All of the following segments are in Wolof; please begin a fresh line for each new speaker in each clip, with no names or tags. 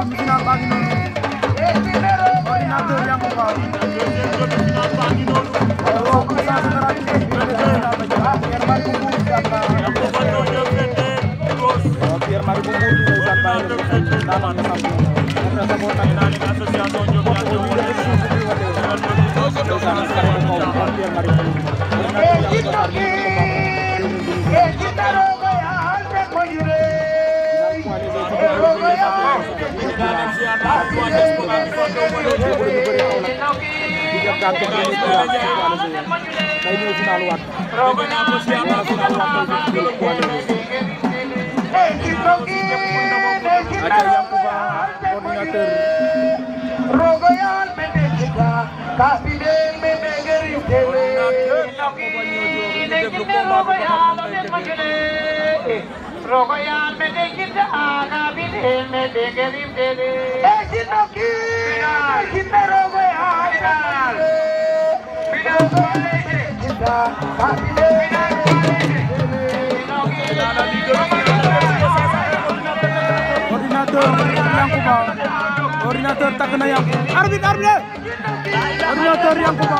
demi-finale baa ngi noonu ordinateur yaa ngi faaw demi-finale baa ngi noonu waaw comme ça dara ci Pierre Marie bu Mbour di am naa Pierre Marie bu Mbour di am naa naa naa naa Thank you. ziar naa ko waa diaspora bi kon doo ma doon jël di def daal di def daal di day ñëw final waat roba naa ko ziar naa final waat day ñëw final waat aca Yankuba ordinateur rogo yal bende jika kasi den me megeri tewe Rogo yal bende jika kasi den me megeri tewe koordinator tak kena yang arbit arbit eh! koordinator yang kuma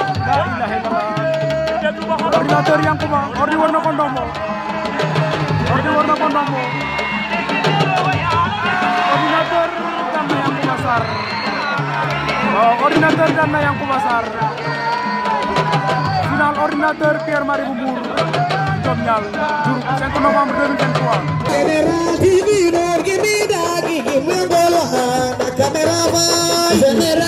koordinator yang kuma ordi warna kondomo Ordi warna kondomo Sarr waaw oh, ordinateur daan na Yankuba Sarr final ordinateur Pierre Marie bu Mbour Diop Nial jour 5 novembre 2023